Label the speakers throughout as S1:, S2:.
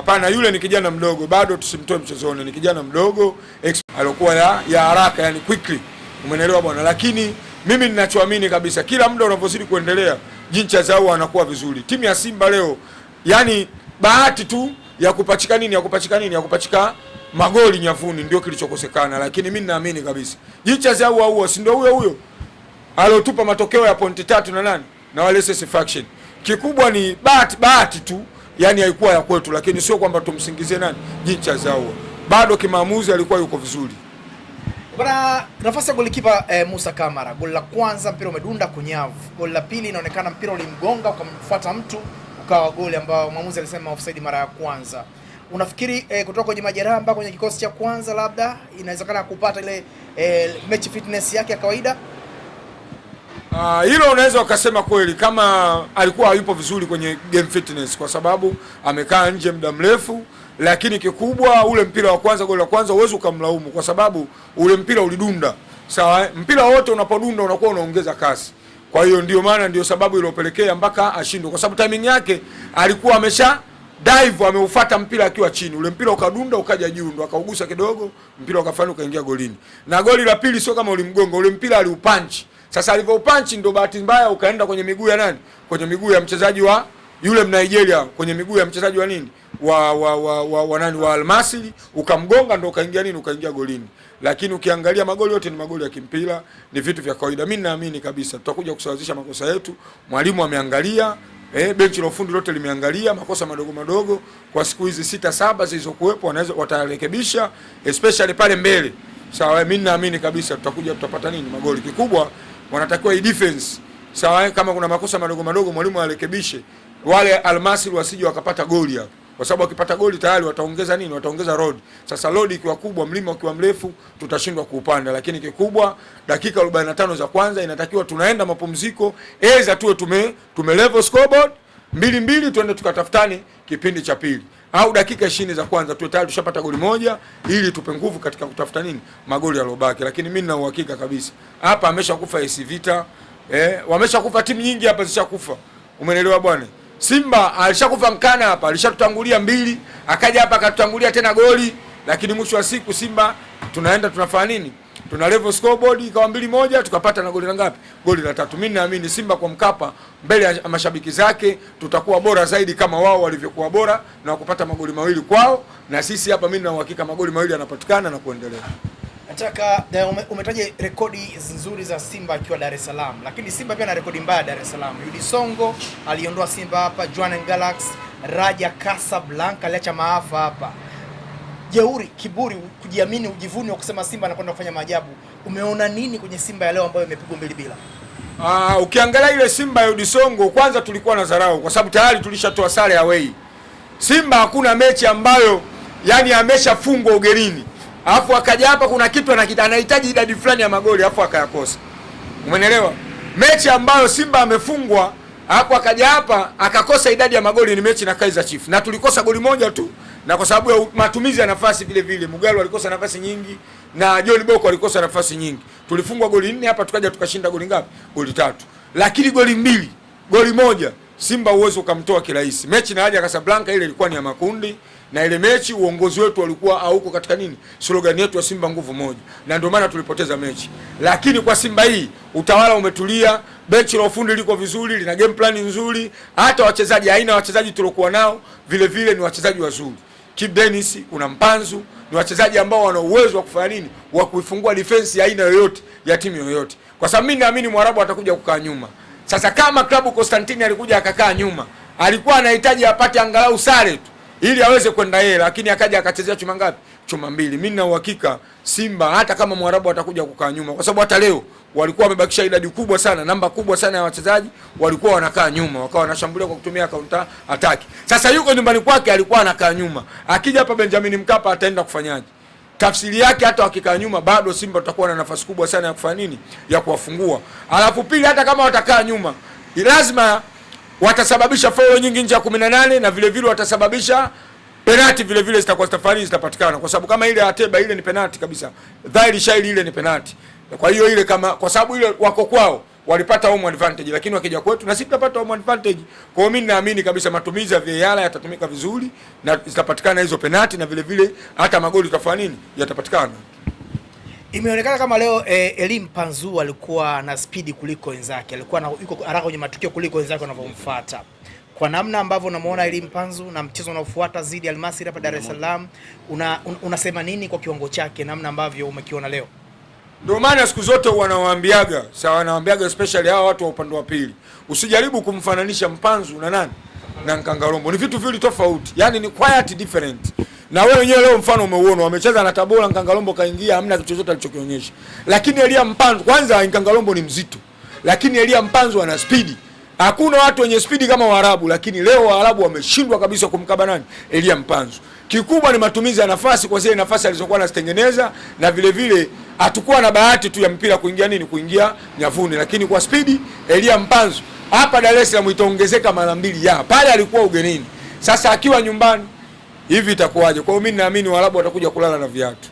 S1: Hapana, yule ni kijana mdogo bado, tusimtoe mchezoni, ni kijana mdogo alikuwa ya, ya haraka, yani quickly, umeelewa bwana. Lakini mimi ninachoamini kabisa, kila muda unavyozidi kuendelea, jincha zao anakuwa vizuri. Timu ya Simba leo, yani bahati tu ya kupachika nini, ya kupachika nini, ya kupachika magoli nyavuni, ndio kilichokosekana. Lakini mimi ninaamini kabisa jincha zao huo, si ndio huyo huyo aliotupa matokeo ya pointi tatu na nani na wale satisfaction. Kikubwa ni bahati bahati tu yani haikuwa ya kwetu, lakini sio kwamba tumsingizie nani jicha zao. bado kimaamuzi alikuwa yuko vizuri
S2: bana. Nafasi ya golikipa eh, Musa Kamara, goli la kwanza mpira umedunda kunyavu, goli la pili inaonekana mpira ulimgonga ukamfuata mtu ukawa goli ambao mwamuzi alisema offside mara ya kwanza. Unafikiri eh, kutoka kwenye majeraha mpaka kwenye kikosi cha kwanza, labda inawezekana kupata ile eh, mechi fitness yake ya kawaida
S1: Ah, hilo uh, unaweza ukasema kweli kama alikuwa hayupo vizuri kwenye game fitness, kwa sababu amekaa nje muda mrefu, lakini kikubwa ule mpira wa kwanza, goli la kwanza huwezi ukamlaumu kwa sababu ule mpira ulidunda. Sawa, mpira wote unapodunda unakuwa unaongeza kasi, kwa hiyo ndio maana ndio sababu iliyopelekea mpaka ashindwe, kwa sababu timing yake alikuwa amesha dive ameufuata mpira akiwa chini, ule mpira ukadunda ukaja juu, ndo akaugusa kidogo, mpira ukafanya ukaingia golini. Na goli la pili sio kama ulimgonga, ule mpira aliupanchi sasa alivyopanchi ndo bahati mbaya ukaenda kwenye miguu ya nani? Kwenye miguu ya mchezaji wa yule Mnigeria, kwenye miguu ya mchezaji wa nini? Wa wa wa, wa, wa nani wa Almasili, ukamgonga ndo ukaingia nini? Ukaingia golini. Lakini ukiangalia magoli yote ni magoli ya kimpira, ni vitu vya kawaida. Mimi naamini kabisa tutakuja kusawazisha makosa yetu. Mwalimu ameangalia Eh, benchi la ufundi lote limeangalia makosa madogo madogo kwa siku hizi sita saba zilizokuwepo, wanaweza watarekebisha especially pale mbele. Sawa, mimi naamini kabisa tutakuja tutapata nini magoli kikubwa wanatakiwa i defense sawa. Kama kuna makosa madogo madogo mwalimu arekebishe, wale Almasri wasije wakapata goli hapo, kwa sababu wakipata goli tayari wataongeza nini? Wataongeza road. Sasa road ikiwa kubwa, mlima ukiwa mrefu, tutashindwa kuupanda. Lakini kikubwa, dakika 45 za kwanza inatakiwa tunaenda mapumziko, aidha tuwe tume, tume level scoreboard mbili mbili, tuende tukatafutane kipindi cha pili au dakika ishirini za kwanza tuwe tayari tushapata goli moja ili tupe nguvu katika kutafuta nini magoli yalobaki. Lakini mimi nina uhakika kabisa hapa ameshakufa AS Vita eh, wameshakufa timu nyingi hapa zishakufa, umeelewa bwana. Simba alishakufa mkana hapa, alishatutangulia mbili, akaja hapa akatutangulia tena goli, lakini mwisho wa siku Simba tunaenda tunafanya nini? tuna level scoreboard ikawa mbili moja, tukapata na goli la ngapi? Goli la tatu. Mimi naamini Simba kwa Mkapa mbele ya mashabiki zake tutakuwa bora zaidi kama wao walivyokuwa bora na kupata magoli mawili kwao, na sisi hapa, mimi na uhakika magoli mawili yanapatikana na kuendelea.
S2: Nataka eh, umetaja rekodi nzuri za Simba akiwa Dar es Salaam, lakini Simba pia na rekodi mbaya Dar es Salaam. Yudi Songo aliondoa Simba hapa, Jwaneng Galaxy, Raja Casablanca aliacha maafa hapa jeuri, kiburi, kujiamini, ujivuni wa kusema Simba anakwenda kufanya maajabu. Umeona nini kwenye Simba ya leo ambayo imepigwa mbili bila?
S1: Aa, ah, ukiangalia ile Simba ya Udisongo kwanza tulikuwa na dharau kwa sababu tayari tulishatoa sare away. Simba hakuna mechi ambayo yani ameshafungwa ugenini alafu akaja hapa kuna kitu anahitaji idadi fulani ya magoli alafu akayakosa. Umeelewa? Mechi ambayo Simba amefungwa alafu akaja hapa akakosa idadi ya magoli ni mechi na Kaizer Chiefs na tulikosa goli moja tu na kwa sababu ya matumizi ya nafasi vile vile Mugalo alikosa nafasi nyingi na John Boko alikosa nafasi nyingi. Tulifungwa goli nne hapa, tukaja tukashinda goli ngapi? Goli tatu, lakini goli mbili, goli moja Simba uwezo ukamtoa kirahisi. Mechi na Raja Casablanca ile ilikuwa ni ya makundi, na ile mechi uongozi wetu walikuwa hauko katika nini, slogan yetu ya Simba nguvu moja, na ndio maana tulipoteza mechi. Lakini kwa Simba hii utawala umetulia, benchi la ufundi liko vizuri, lina game plan nzuri, hata wachezaji, aina wachezaji tulokuwa nao vile vile ni wachezaji wazuri. Kip Dennis, kuna Mpanzu, ni wachezaji ambao wana uwezo wa kufanya nini, wa kuifungua defense ya aina yoyote ya timu yoyote, kwa sababu mimi naamini Mwarabu atakuja kukaa nyuma. Sasa kama klabu Constantine alikuja akakaa nyuma, alikuwa anahitaji apate angalau sare tu ili aweze kwenda yeye, lakini akaja akachezea chuma ngapi? choma mbili. Mimi na uhakika Simba hata kama Mwarabu atakuja kukaa nyuma, kwa sababu hata leo walikuwa wamebakisha idadi kubwa sana, namba kubwa sana ya wachezaji walikuwa wanakaa nyuma, wakawa wanashambulia kwa kutumia counter attack. Sasa yuko nyumbani kwake, alikuwa anakaa nyuma, akija hapa Benjamin Mkapa ataenda kufanyaje? Tafsiri yake hata wakikaa nyuma bado Simba tutakuwa na nafasi kubwa sana ya kufanya nini, ya kuwafungua. Alafu pili, hata kama watakaa nyuma, lazima watasababisha faulo nyingi nje ya 18 na vile vile watasababisha Penati vile vile zitakuwa tafari zitapatikana kwa sababu kama ile Ateba ile ni penati kabisa. Dhahiri shairi ile ni penati. Kwa hiyo ile kama kwa sababu ile wako kwao walipata home advantage lakini wakija kwetu na sisi tutapata home advantage. Kwa hiyo mimi naamini kabisa matumizi ya VAR yatatumika vizuri na zitapatikana hizo penati na vile vile hata magoli tutafanya nini yatapatikana.
S2: Imeonekana kama leo eh, Elim Panzu alikuwa na spidi kuliko wenzake. Alikuwa na yuko haraka kwenye matukio kuliko wenzake wanavyomfuata kwa namna ambavyo unamuona Elie Mpanzu na mchezo unaofuata zidi Al Masry hapa Dar es Salaam, una, un, unasema nini kwa kiwango chake, namna ambavyo umekiona leo?
S1: Ndio maana siku zote wanawaambiaga sawa, wanawaambiaga especially hawa watu wa upande wa pili, usijaribu kumfananisha Mpanzu na nani na Nkangalombo, ni vitu viwili tofauti, yani ni quite different. Na wewe wenyewe leo mfano umeuona, wamecheza na Tabora, Nkangalombo kaingia, hamna kitu chochote alichokionyesha. Lakini Elia Mpanzu kwanza, Nkangalombo ni mzito, lakini Elia Mpanzu ana spidi Hakuna watu wenye spidi kama Waarabu, lakini leo Waarabu wameshindwa kabisa kumkaba nani Elia Mpanzu. Kikubwa ni matumizi ya nafasi kwa zile nafasi alizokuwa anazitengeneza, na vile vile hatukuwa na bahati tu ya mpira kuingia nini, kuingia nyavuni, lakini kwa spidi Elia Mpanzu hapa Dar es Salaam itaongezeka mara mbili ya pale alikuwa ugenini. Sasa akiwa nyumbani hivi itakuwaje? Kwa hiyo mimi ninaamini Waarabu watakuja kulala na viatu.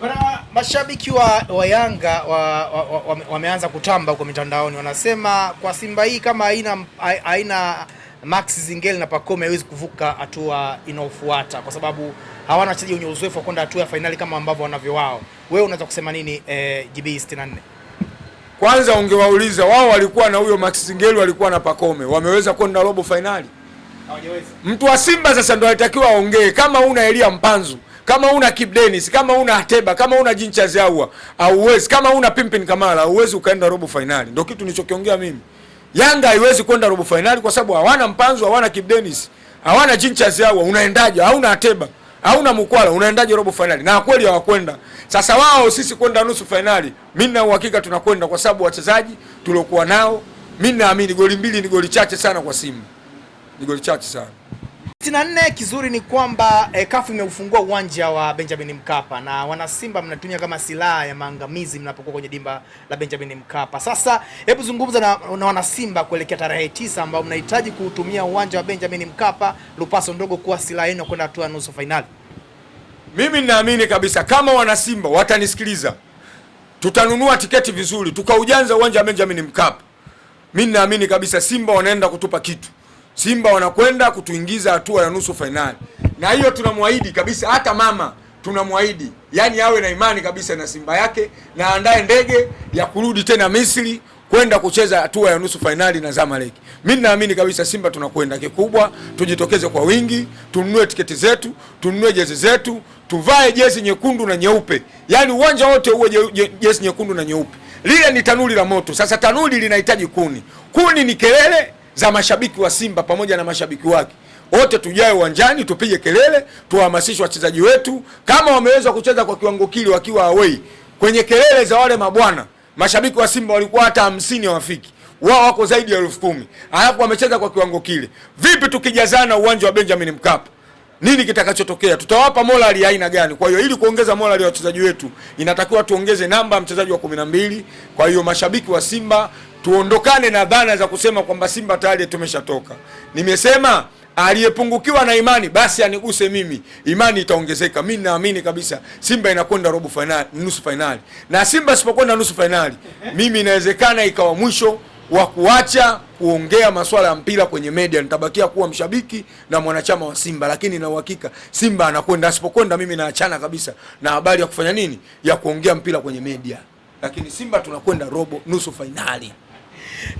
S2: Bana, mashabiki wa, wa Yanga wameanza wa, wa, wa kutamba huko mitandaoni, wanasema kwa Simba hii kama haina haina Max Zingel na Pacome haiwezi kuvuka hatua inayofuata, kwa sababu hawana wachezaji wenye uzoefu wa kwenda hatua ya fainali kama ambavyo wanavyo wao. Wewe unaweza kusema nini eh, JB 64?
S1: Kwanza ungewauliza wao, walikuwa na huyo Max Zingeli, walikuwa na Pacome, wameweza kwenda robo fainali? Hawajaweza. Mtu wa Simba sasa ndo alitakiwa aongee, kama una Elia Mpanzu kama una Kip Dennis, kama una Ateba, kama una Jincha Zawa, auwezi. Kama una Pimpin Kamala, auwezi ukaenda robo finali. Ndio kitu nilichokiongea mimi. Yanga haiwezi kwenda robo finali kwa sababu hawana Mpanzu, hawana Kip Dennis, hawana Jincha Zawa. Unaendaje? Hauna Ateba, hauna Mkwala, unaendaje robo finali? Na kweli hawakwenda. Sasa wao sisi kwenda nusu finali, mimi na uhakika tunakwenda kwa sababu wachezaji tuliokuwa nao, mimi naamini goli mbili ni goli chache sana kwa Simba. Ni goli chache sana.
S2: 64 kizuri ni kwamba eh, kafu imeufungua uwanja wa Benjamin Mkapa na wanasimba mnatumia kama silaha ya maangamizi mnapokuwa kwenye dimba la Benjamin Mkapa. Sasa hebu zungumza na, na wanasimba kuelekea tarehe tisa ambao mnahitaji kuutumia uwanja wa Benjamin Mkapa lupaso ndogo kuwa silaha yenu kwenda hatua nusu fainali.
S1: Mimi ninaamini kabisa kama wanasimba watanisikiliza, tutanunua tiketi vizuri, tukaujanza uwanja wa Benjamin Mkapa, mimi ninaamini kabisa Simba wanaenda kutupa kitu Simba wanakwenda kutuingiza hatua ya nusu fainali, na hiyo tunamwahidi kabisa. Hata mama tunamwahidi, yaani awe na imani kabisa na Simba yake na andae ndege ya kurudi tena Misri kwenda kucheza hatua ya nusu fainali na Zamalek. Mimi naamini kabisa Simba tunakwenda kikubwa, tujitokeze kwa wingi, tununue tiketi zetu, tununue jezi zetu, tuvae jezi nyekundu na nyeupe, yaani uwanja wote uwe jezi nyekundu na nyeupe. Lile ni tanuri la moto. Sasa tanuri linahitaji kuni, kuni ni kelele za mashabiki wa Simba pamoja na mashabiki wake wote tujae uwanjani tupige kelele, tuwahamasishe wachezaji wetu kama wameweza kucheza kwa kiwango kile wakiwa away. Kwenye kelele za wale mabwana, mashabiki wa Simba walikuwa hata hamsini hawafiki, wao wako zaidi ya elfu kumi alafu wamecheza kwa kiwango kile. Vipi tukijazana uwanja wa Benjamin Mkapa, nini kitakachotokea? Tutawapa morali aina gani? Kwa hiyo ili kuongeza morali ya wachezaji wetu, inatakiwa tuongeze namba ya mchezaji wa kumi na mbili. Kwa hiyo mashabiki wa Simba tuondokane na dhana za kusema kwamba Simba tayari tumeshatoka. Nimesema aliyepungukiwa na imani basi aniguse mimi, imani itaongezeka. Mimi naamini kabisa Simba inakwenda robo fainali, nusu fainali, na Simba isipokwenda nusu fainali, mimi inawezekana ikawa mwisho wa kuacha kuongea masuala ya mpira kwenye media. Nitabakia kuwa mshabiki na mwanachama wa Simba, lakini na uhakika Simba anakwenda. Asipokwenda mimi naachana kabisa na habari ya kufanya nini, ya kuongea mpira kwenye media, lakini Simba tunakwenda robo nusu fainali.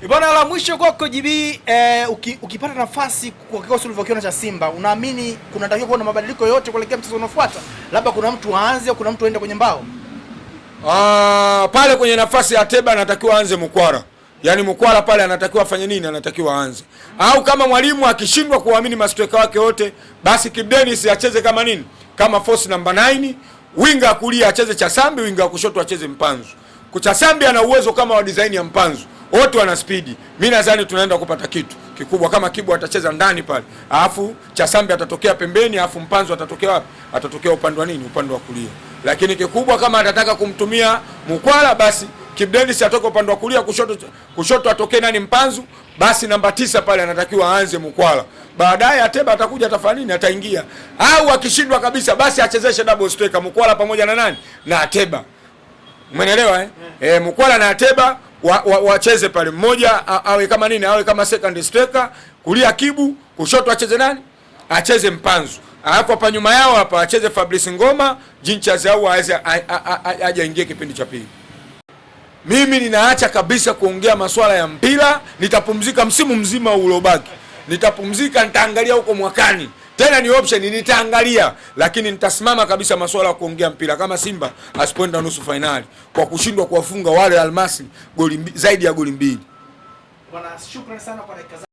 S2: Bwana, la mwisho kwako JB, eh, uki, ukipata nafasi kwa kikosi ulivyokiona cha Simba, unaamini kunatakiwa kuwa na mabadiliko yote kuelekea mchezo unaofuata? Labda kuna mtu aanze au kuna mtu aende kwenye mbao?
S1: Ah, pale kwenye nafasi ya Teba anatakiwa aanze Mkwara. Yaani Mkwara pale anatakiwa afanye nini? Anatakiwa aanze. Au kama mwalimu akishindwa kuamini masteka wake wote, basi Kip Dennis acheze kama nini? Kama force namba 9, winga kulia acheze Chasambi, winga kushoto acheze Mpanzu. Kuchasambi ana uwezo kama wa design ya Mpanzu wote wana spidi. Mimi nadhani tunaenda kupata kitu kikubwa kama Kibwa atacheza ndani pale, alafu Chasambi atatokea pembeni, alafu Mpanzo atatokea wapi? Atatokea upande wa nini? Upande wa kulia. Lakini kikubwa kama atataka kumtumia Mkwala, basi Kibu Denis atoke upande wa kulia, kushoto kushoto atokee nani? Mpanzu. Basi namba tisa pale anatakiwa aanze Mkwala, baadaye Ateba atakuja atafanya nini? Ataingia au akishindwa kabisa, basi achezeshe double striker Mkwala pamoja na nani na Ateba, umeelewa eh? Yeah. Eh, Mkwala na Ateba wacheze wa, wa pale mmoja awe kama nini awe kama second striker, kulia Kibu, kushoto acheze nani? Acheze Mpanzu. Alafu hapa nyuma yao hapa acheze Fabrice Ngoma, Jinchaz au aweze aje aingie kipindi cha pili. Mimi ninaacha kabisa kuongea masuala ya mpira, nitapumzika msimu mzima uliobaki. Nitapumzika, nitaangalia huko mwakani tena ni option, nitaangalia lakini nitasimama kabisa masuala ya kuongea mpira kama Simba asipoenda nusu fainali kwa kushindwa kuwafunga wale Almasi goli zaidi ya goli mbili. Bwana, shukrani sana kwa dakika